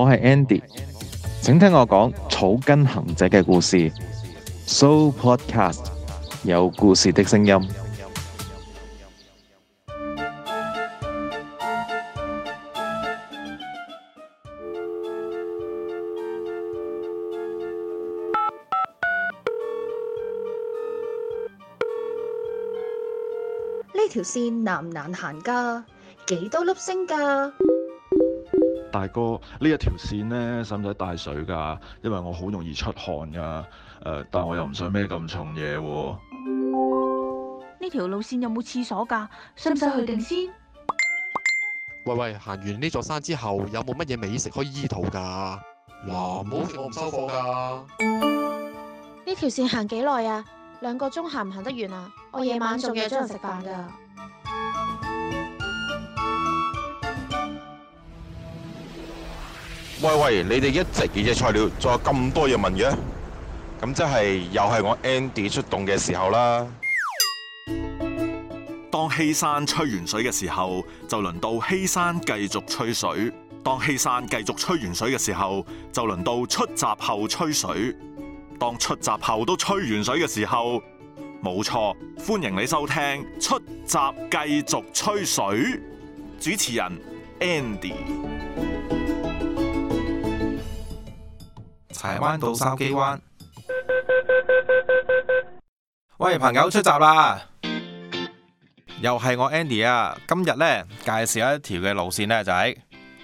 我係 Andy，請聽我講草根行者嘅故事。So Podcast，有故事嘅聲音。呢條線難唔難行㗎？幾多粒星㗎？大哥，呢一條線呢，使唔使帶水噶？因為我好容易出汗噶。誒、呃，但係我又唔想孭咁重嘢喎、啊。呢條路線有冇廁所噶？使唔使去定先？喂喂，行完呢座山之後有冇乜嘢美食可以醫肚噶？嗱、啊，冇好我唔收貨㗎。呢條線行幾耐呀？兩個鐘行唔行得完啊？我晚夜晚仲約咗人食飯㗎。喂喂，你哋一直熱熱材料，仲有咁多嘢問嘅，咁即係又係我 Andy 出動嘅時候啦。當希山吹完水嘅時候，就輪到希山繼續吹水。當希山繼續吹完水嘅時候，就輪到出閘後吹水。當出閘後都吹完水嘅時候，冇錯，歡迎你收聽出閘繼續吹水。主持人 Andy。柴灣到筲箕灣，喂，朋友出集啦！又係我 Andy 啊，今日呢，介紹一條嘅路線呢，就喺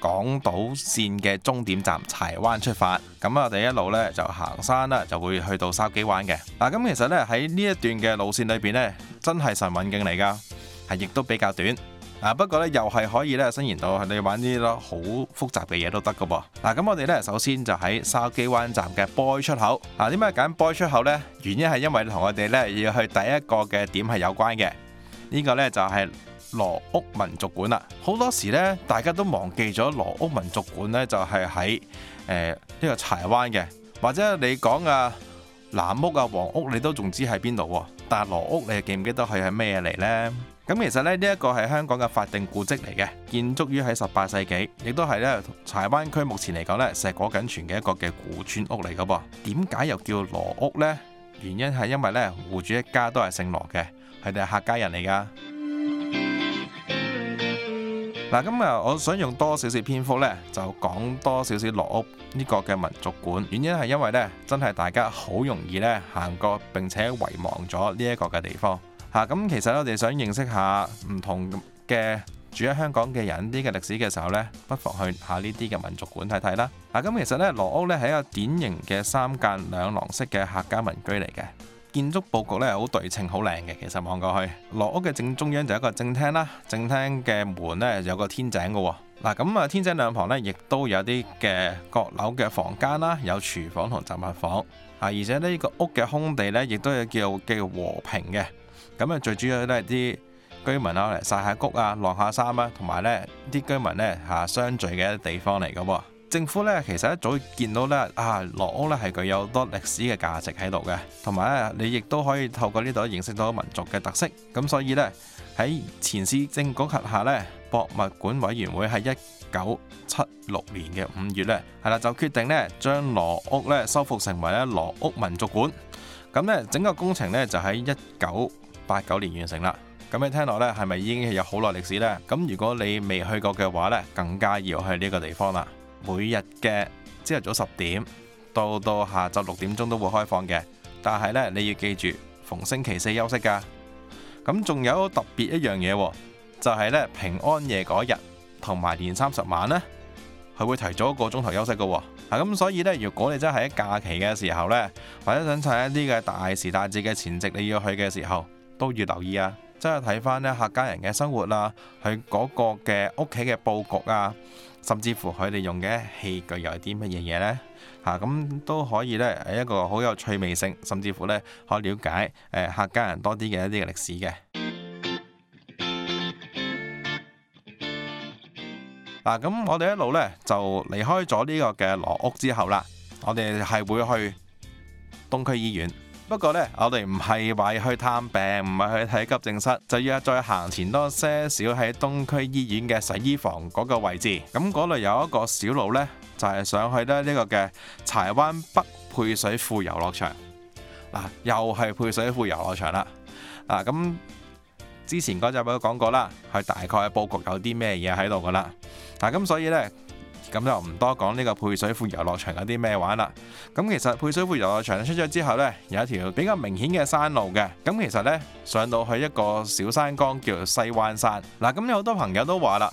港島線嘅終點站柴灣出發，咁我哋一路呢，就行山啦，就會去到筲箕灣嘅。嗱，咁其實呢，喺呢一段嘅路線裏邊呢，真係晨運徑嚟噶，係亦都比較短。啊！不過咧，又係可以咧，伸延到你玩啲多好複雜嘅嘢都得㗎喎。嗱、啊，咁我哋咧首先就喺筲箕灣站嘅 boy 出口。啊，點解揀 boy 出口呢？原因係因為同我哋咧要去第一個嘅點係有關嘅。這個、呢個咧就係、是、羅屋民族館啦。好多時咧，大家都忘記咗羅屋民族館咧就係喺誒呢個柴灣嘅，或者你講啊藍屋啊黃屋，你都仲知喺邊度喎？但羅屋你記唔記得佢係咩嚟呢？咁其實咧，呢一個係香港嘅法定古蹟嚟嘅，建築於喺十八世紀，亦都係咧柴灣區目前嚟講咧，碩果僅存嘅一個嘅古村屋嚟噶噃。點解又叫羅屋呢？原因係因為咧，戶主一家都係姓羅嘅，佢哋係客家人嚟噶。嗱，咁 啊樂，我想用多少少篇幅咧，就講多少少羅屋呢個嘅民族館。原因係因為咧，真係大家好容易咧行過並且遺忘咗呢一個嘅地方。嚇，咁，其實我哋想認識下唔同嘅住喺香港嘅人啲嘅歷史嘅時候呢，不妨去下呢啲嘅民族館睇睇啦。嚇，咁，其實呢，羅屋呢係一個典型嘅三間兩廊式嘅客家民居嚟嘅，建築佈局呢係好對稱、好靚嘅。其實望過去，羅屋嘅正中央就有一個正廳啦，正廳嘅門呢有個天井嘅。嗱咁啊，天井兩旁呢亦都有啲嘅閣樓嘅房間啦，有廚房同雜物房啊，而且呢個屋嘅空地呢，亦都有叫叫和平嘅。咁啊，最主要都係啲居民啊嚟晒下谷啊，晾下衫啊，同埋咧啲居民咧嚇相聚嘅地方嚟嘅，啊。政府咧其實一早見到咧啊，羅屋咧係具有多歷史嘅價值喺度嘅，同埋咧你亦都可以透過呢度認識到民族嘅特色。咁所以咧喺前市政局轄下咧，博物館委員會喺一九七六年嘅五月咧係啦，就決定咧將羅屋咧修復成為咧羅屋民族館。咁咧整個工程咧就喺一九。八九年完成啦，咁你聽落呢，係咪已經係有好耐歷史呢？咁如果你未去過嘅話呢，更加要去呢個地方啦。每日嘅朝頭早十點到到下晝六點鐘都會開放嘅，但係呢，你要記住逢星期四休息噶。咁仲有特別一樣嘢，就係呢，平安夜嗰日同埋年三十晚呢，佢會提早一個鐘頭休息噶。啊，咁所以呢，如果你真係喺假期嘅時候呢，或者想趁一啲嘅大時大節嘅前夕你要去嘅時候。都要留意啊！即係睇翻咧客家人嘅生活啦，佢嗰個嘅屋企嘅布局啊，甚至乎佢哋用嘅器具又係啲乜嘢嘢咧？吓，咁都可以咧，係一個好有趣味性，甚至乎咧可以了解誒客家人多啲嘅一啲嘅歷史嘅。嗱，咁我哋一路咧就離開咗呢個嘅羅屋之後啦，我哋係會去東區醫院。不過呢，我哋唔係為去探病，唔係去睇急症室，就要再行前多些少喺東區醫院嘅洗衣房嗰個位置。咁嗰度有一個小路呢，就係、是、上去呢呢個嘅柴灣北配水庫遊樂場嗱，又係配水庫遊樂場啦。啊，咁、啊、之前嗰集我都講過啦，佢大概布局有啲咩嘢喺度噶啦。嗱、啊，咁所以呢。咁就唔多講呢個配水庫遊樂場有啲咩玩啦。咁其實配水庫遊樂場出咗之後呢，有一條比較明顯嘅山路嘅。咁其實呢，上到去一個小山崗叫做西灣山。嗱，咁有好多朋友都話啦。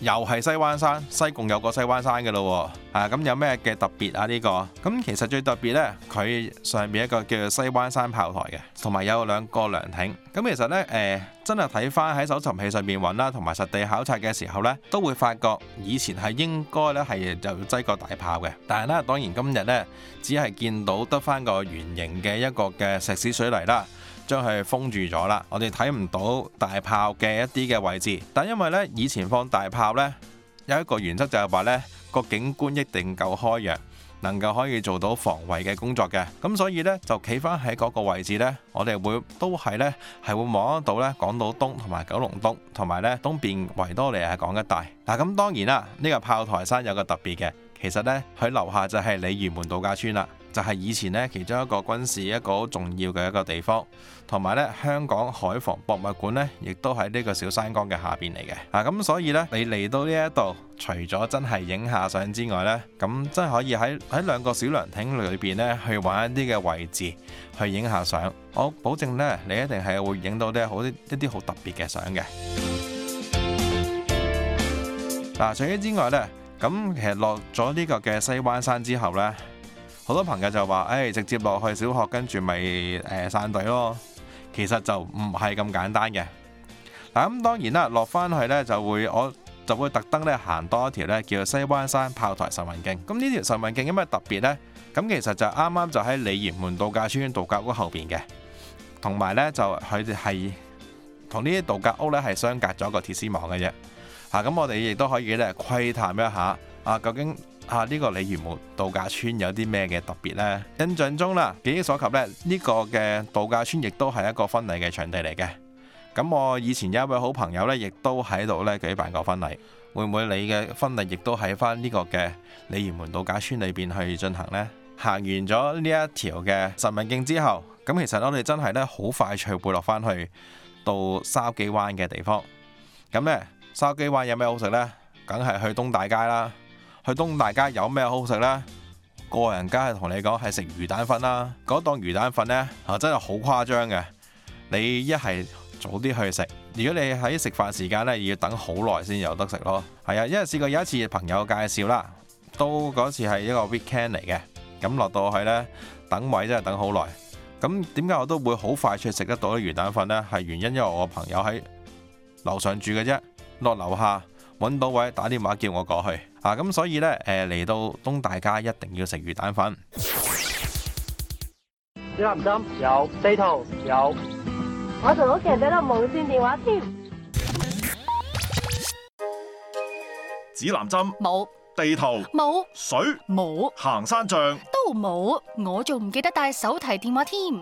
又係西灣山，西貢有個西灣山嘅咯喎，啊咁有咩嘅特別啊呢、呢個？咁其實最特別呢，佢上邊一個叫做西灣山炮台嘅，同埋有兩個涼亭。咁其實呢，誒、呃、真係睇翻喺搜尋器上面揾啦，同埋實地考察嘅時候呢，都會發覺以前係應該呢係就擠過大炮嘅，但係呢，當然今日呢，只係見到得翻個圓形嘅一個嘅石屎水泥啦。將佢封住咗啦，我哋睇唔到大炮嘅一啲嘅位置，但因為呢，以前放大炮呢，有一個原則，就係話呢個景觀一定夠開揚，能夠可以做到防衞嘅工作嘅，咁所以呢就企翻喺嗰個位置呢，我哋會都係呢係會望得到呢港島東同埋九龍東同埋呢東邊維多利亞港一帶嗱，咁當然啦，呢個炮台山有個特別嘅，其實呢佢樓下就係鯉魚門度假村啦。就係以前呢，其中一個軍事一個好重要嘅一個地方，同埋呢香港海防博物館呢，亦都喺呢個小山崗嘅下邊嚟嘅。啊，咁所以呢，你嚟到呢一度，除咗真係影下相之外呢，咁真係可以喺喺兩個小涼亭裏邊呢，去玩一啲嘅位置去影下相。我保證呢，你一定係會影到啲好一啲好特別嘅相嘅。嗱，啊，除此之外呢，咁其實落咗呢個嘅西灣山之後呢。好多朋友就話，誒、哎，直接落去小學跟住咪誒散隊咯。其實就唔係咁簡單嘅。嗱，咁當然啦，落翻去呢就會我就會特登咧行多一條呢，叫西灣山炮台神韻徑。咁呢條神韻徑有咩特別呢？咁其實就啱啱就喺李賢門度假村度假屋後邊嘅，同埋呢，就佢哋係同呢啲度假屋呢係相隔咗個鐵絲網嘅啫。嚇，咁我哋亦都可以咧窺探一下啊，究竟？啊！呢、這個鯉魚門度假村有啲咩嘅特別呢？印象中啦，記憶所及咧，呢、這個嘅度假村亦都係一個婚禮嘅場地嚟嘅。咁我以前有一位好朋友呢，亦都喺度呢舉辦過婚禮，會唔會你嘅婚禮亦都喺翻呢個嘅鯉魚門度假村裏邊去進行呢？行完咗呢一條嘅十問徑之後，咁其實我哋真係呢，好快脆會落返去到筲箕灣嘅地方。咁咧，筲箕灣有咩好食呢？梗係去東大街啦。去東大街有咩好食呢？個人家係同你講係食魚蛋粉啦。嗰檔魚蛋粉呢，嚇、啊、真係好誇張嘅。你一係早啲去食，如果你喺食飯時間呢，要等好耐先有得食咯。係啊，因為試過有一次朋友介紹啦，都嗰次係一個 weekend 嚟嘅。咁落到去呢，等位真係等好耐。咁點解我都會好快脆食得到啲魚蛋粉呢？係原因因為我朋友喺樓上住嘅啫，落樓下揾到位，打電話叫我過去。啊，咁所以咧，誒嚟到東大街一定要食魚蛋粉。指南針有，地圖有，我同仲好記得帶無綫電話添。指南針冇，地圖冇，水冇，行山杖都冇，我仲唔記得帶手提電話添。誒、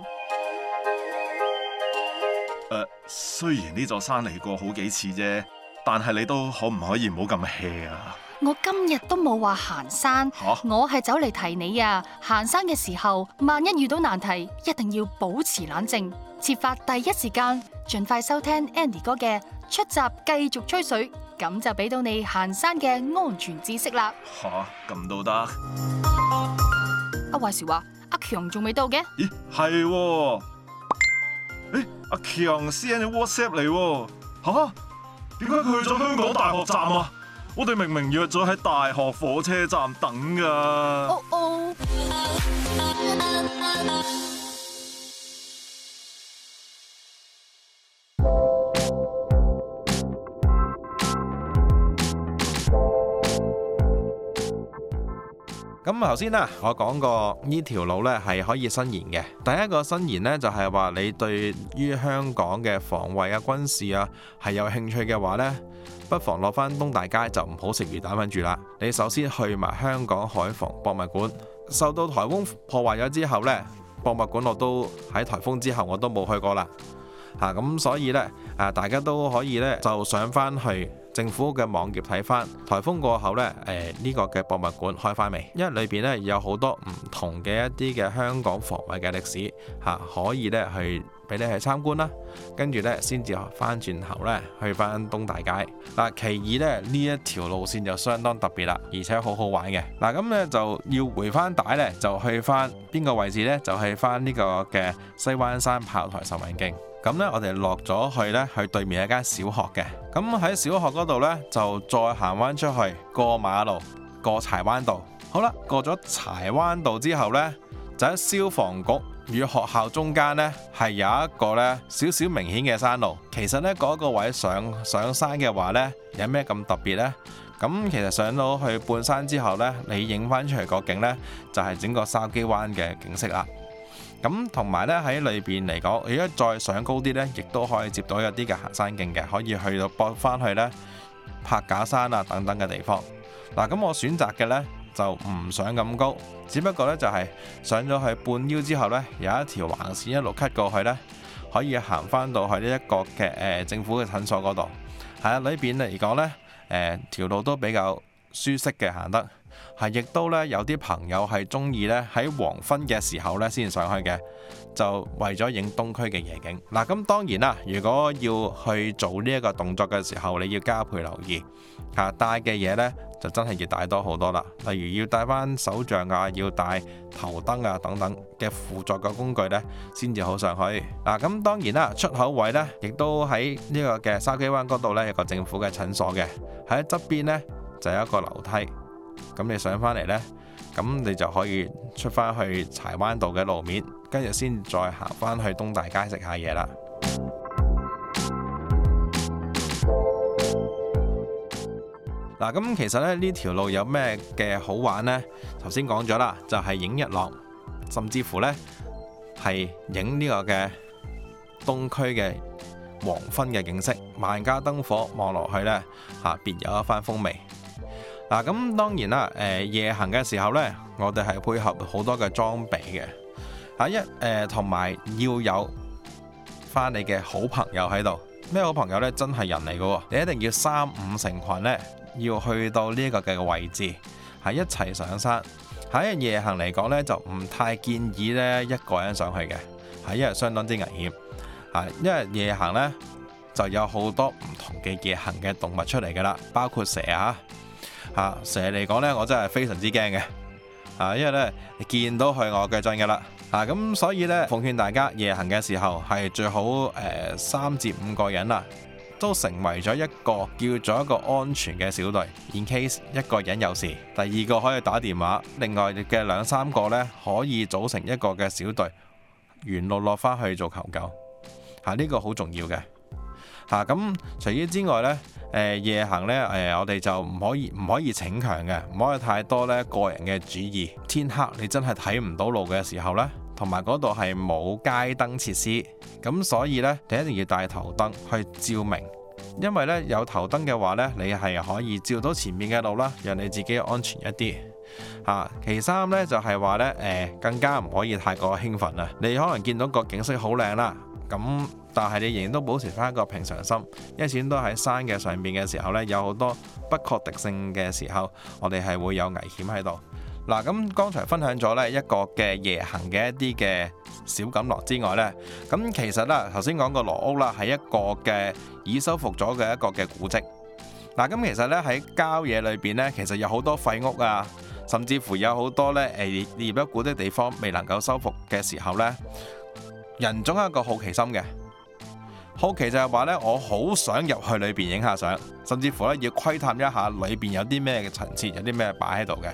呃，雖然呢座山嚟過好幾次啫，但係你都可唔可以唔好咁 hea 啊？我今日都冇話行山，我係走嚟提你啊！行山嘅時候，萬一遇到難題，一定要保持冷靜，設法第一時間盡快收聽 Andy 哥嘅出集繼續吹水，咁就俾到你行山嘅安全知識啦。吓，咁都得？阿話時話，阿強仲未到嘅？咦係？誒阿強 send 咗 WhatsApp 嚟？吓，點解佢去咗香港大學站啊？我哋明明約咗喺大學火車站等㗎。咁頭先啦，我講過呢條路呢係可以伸延嘅。第一個伸延呢，就係話你對於香港嘅防衞啊、軍事啊係有興趣嘅話呢，不妨落返東大街就唔好食魚蛋粉住啦。你首先去埋香港海防博物館，受到台風破壞咗之後呢，博物館我都喺台風之後我都冇去過啦。嚇、啊、咁所以呢，啊，大家都可以呢，就上返去。政府嘅網頁睇翻，颱風過後呢，誒、呃、呢、呢個嘅博物館開翻未？因為裏邊呢，有好多唔同嘅一啲嘅香港防衞嘅歷史嚇、啊，可以呢去俾你去參觀啦。跟住呢，先至翻轉頭呢，去翻東大街。嗱、啊，其二呢，呢一條路線就相當特別啦，而且好好玩嘅。嗱、啊，咁呢，就要回翻帶呢，就去翻邊個位置呢？就去翻呢個嘅西灣山炮台十文徑。咁呢，我哋落咗去呢，去對面一間小學嘅。咁喺小學嗰度呢，就再行彎出去，過馬路，過柴灣道。好啦，過咗柴灣道之後呢，就喺消防局與學校中間呢，係有一個呢少少明顯嘅山路。其實呢，嗰個位上上山嘅話呢，有咩咁特別呢？咁其實上到去半山之後呢，你影翻出嚟個景呢，就係整個筲箕灣嘅景色啦。咁同埋呢，喺裏邊嚟講，如果再上高啲呢，亦都可以接到一啲嘅行山徑嘅，可以去到駁返去呢拍假山啊等等嘅地方。嗱、啊，咁我選擇嘅呢就唔想咁高，只不過呢就係、是、上咗去半腰之後呢，有一條橫線一路 cut 過去呢，可以行返到去呢一個嘅誒、呃、政府嘅診所嗰度。喺裏邊嚟講呢，誒、呃、條路都比較～舒適嘅行得，係亦都咧有啲朋友係中意咧喺黃昏嘅時候咧先上去嘅，就為咗影東區嘅夜景嗱。咁當然啦，如果要去做呢一個動作嘅時候，你要加倍留意吓，帶嘅嘢，呢就真係要帶多好多啦。例如要帶翻手杖啊，要帶頭燈啊等等嘅輔助嘅工具呢，先至好上去嗱。咁當然啦，出口位呢，亦都喺呢個嘅沙基灣嗰度呢有個政府嘅診所嘅，喺側邊呢。就有一個樓梯，咁你上返嚟呢，咁你就可以出返去柴灣道嘅路面，跟住先再行返去東大街食下嘢啦。嗱，咁 其實呢呢條路有咩嘅好玩呢？頭先講咗啦，就係影日落，甚至乎呢係影呢個嘅東區嘅黃昏嘅景色，萬家燈火望落去呢，嚇，別有一番風味。嗱，咁當然啦。誒夜行嘅時候呢，我哋係配合好多嘅裝備嘅嚇一誒，同埋要有返你嘅好朋友喺度。咩好朋友呢？真係人嚟嘅喎，你一定要三五成群呢，要去到呢一個嘅位置，係一齊上山。喺一夜行嚟講呢，就唔太建議呢一個人上去嘅，係因為相當之危險嚇。因為夜行呢，就有好多唔同嘅夜行嘅動物出嚟㗎啦，包括蛇嚇、啊。成日嚟講呢，我真係非常之驚嘅，啊，因為呢，見到佢我腳震噶啦，啊，咁所以呢，奉勸大家夜行嘅時候係最好誒三至五個人啊，都成為咗一個叫做一個安全嘅小隊，in case 一個人有事，第二個可以打電話，另外嘅兩三個呢，可以組成一個嘅小隊沿路落返去做求救，吓，呢個好重要嘅。嚇咁、啊、除此之外呢，誒、呃、夜行呢，誒、呃、我哋就唔可以唔可以逞強嘅，唔可以太多呢個人嘅主意。天黑你真係睇唔到路嘅時候呢，同埋嗰度係冇街燈設施，咁所以呢，你一定要帶頭燈去照明，因為呢，有頭燈嘅話呢，你係可以照到前面嘅路啦，讓你自己安全一啲。嚇、啊，其三呢，就係、是、話呢，誒、呃、更加唔可以太過興奮啦。你可能見到個景色好靚啦，咁。但係你仍然都保持返一個平常心，因為始終都喺山嘅上邊嘅時候咧，有好多不確定性嘅時候，我哋係會有危險喺度。嗱，咁剛才分享咗咧一個嘅夜行嘅一啲嘅小感樂之外咧，咁其實啦，頭先講個羅屋啦，係一個嘅已修復咗嘅一個嘅古跡。嗱，咁其實咧喺郊野裏邊咧，其實有好多廢屋啊，甚至乎有好多咧誒，列入古蹟的地方未能夠修復嘅時候咧，人總有一個好奇心嘅。好奇就係話咧，我好想入去裏邊影下相，甚至乎咧要窺探一下裏邊有啲咩嘅層次，有啲咩擺喺度嘅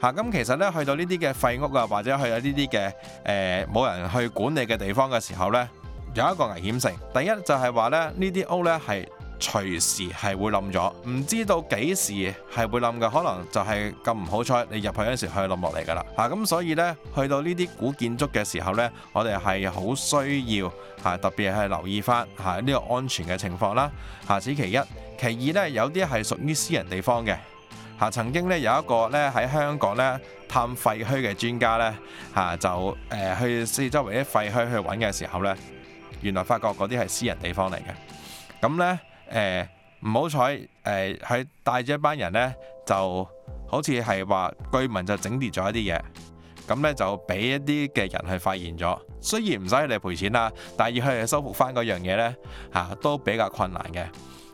吓。咁其實咧去到呢啲嘅廢屋啊，或者去到呢啲嘅誒冇人去管理嘅地方嘅時候咧，有一個危險性。第一就係話咧，呢啲屋咧係。隨時係會冧咗，唔知道幾時係會冧嘅，可能就係咁唔好彩，你入去嗰陣時佢冧落嚟噶啦。啊，咁所以呢，去到呢啲古建築嘅時候呢，我哋係好需要啊，特別係留意翻啊呢個安全嘅情況啦。啊，此其一，其二呢，有啲係屬於私人地方嘅。啊，曾經呢，有一個呢喺香港呢探廢墟嘅專家呢，嚇、啊、就誒、呃、去四周圍啲廢墟去揾嘅時候呢，原來發覺嗰啲係私人地方嚟嘅。咁呢。誒唔好彩，誒佢、呃呃、帶住一班人呢，就好似係話居民就整跌咗一啲嘢，咁呢就俾一啲嘅人去發現咗。雖然唔使佢哋賠錢啦，但係佢哋收復翻嗰樣嘢呢，嚇、啊、都比較困難嘅。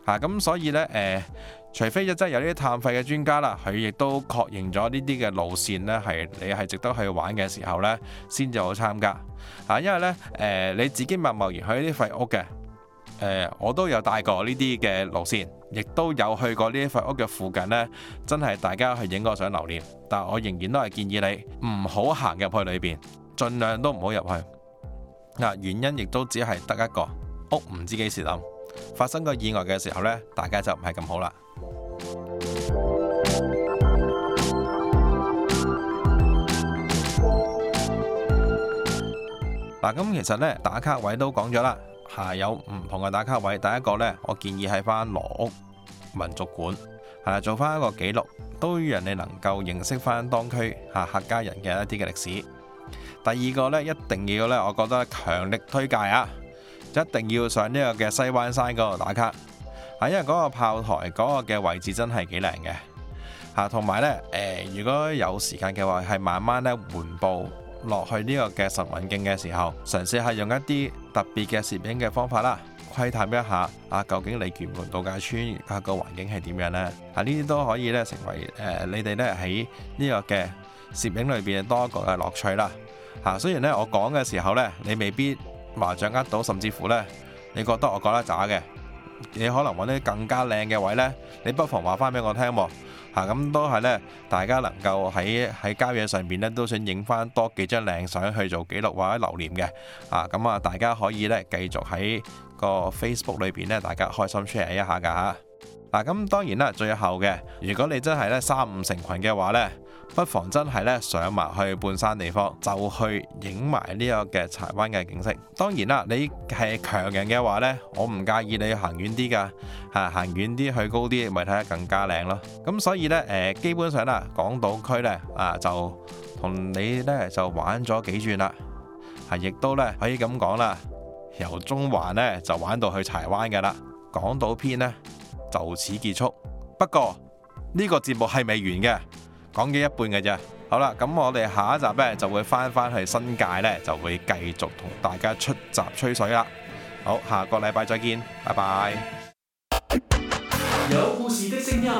嚇、啊、咁所以呢，誒、呃、除非一真有啲探廢嘅專家啦，佢亦都確認咗呢啲嘅路線呢，係你係值得去玩嘅時候呢，先至好參加。嚇、啊，因為呢，誒、呃、你自己貿貿然去啲廢屋嘅。呃，我都有帶過呢啲嘅路線，亦都有去過呢一塊屋嘅附近呢，真係大家去影個相留念。但我仍然都係建議你唔好行入去裏邊，盡量都唔好入去。嗱，原因亦都只係得一個屋，唔知幾時諗發生個意外嘅時候呢，大家就唔係咁好啦。嗱，咁 其實呢打卡位都講咗啦。下有唔同嘅打卡位，第一個呢，我建議係翻羅屋民族館，係啦，做翻一個記錄，都讓你能夠認識翻當區嚇客家人嘅一啲嘅歷史。第二個呢，一定要呢，我覺得強力推介啊，一定要上呢個嘅西灣山嗰度打卡，啊，因為嗰個炮台嗰個嘅位置真係幾靚嘅，嚇同埋呢，誒、呃，如果有時間嘅話，係慢慢呢緩步落去呢個嘅實文徑嘅時候，嘗試下用一啲。特別嘅攝影嘅方法啦，窺探一下啊，究竟你泉門度假村而家個環境係點樣呢？啊，呢啲都可以咧成為誒、呃、你哋咧喺呢個嘅攝影裏邊多一個嘅樂趣啦。嚇、啊，雖然咧我講嘅時候呢，你未必話掌握到，甚至乎呢，你覺得我講得渣嘅，你可能揾啲更加靚嘅位呢，你不妨話翻俾我聽喎。啊，咁都係咧，大家能夠喺喺郊野上邊咧，都想影翻多幾張靚相去做記錄或者留念嘅。啊，咁啊，大家可以咧繼續喺個 Facebook 裏邊咧，大家開心 share 一下㗎嚇。嗱，咁當然啦，最後嘅，如果你真係咧三五成羣嘅話咧。不妨真係咧上埋去半山地方，就去影埋呢個嘅柴灣嘅景色。當然啦，你係強人嘅話呢，我唔介意你行遠啲㗎，嚇行遠啲去高啲，咪睇得更加靚咯。咁所以呢，誒、呃、基本上啦，港島區呢，啊，就同你呢，就玩咗幾轉啦，係亦都呢，可以咁講啦，由中環呢，就玩到去柴灣嘅啦。港島篇呢，就此結束，不過呢、呢個節目係未完嘅。講嘅一半嘅啫。好啦，咁我哋下一集呢，就會返返去新界呢，就會繼續同大家出集吹水啦。好，下個禮拜再見，拜拜。有故事的聲音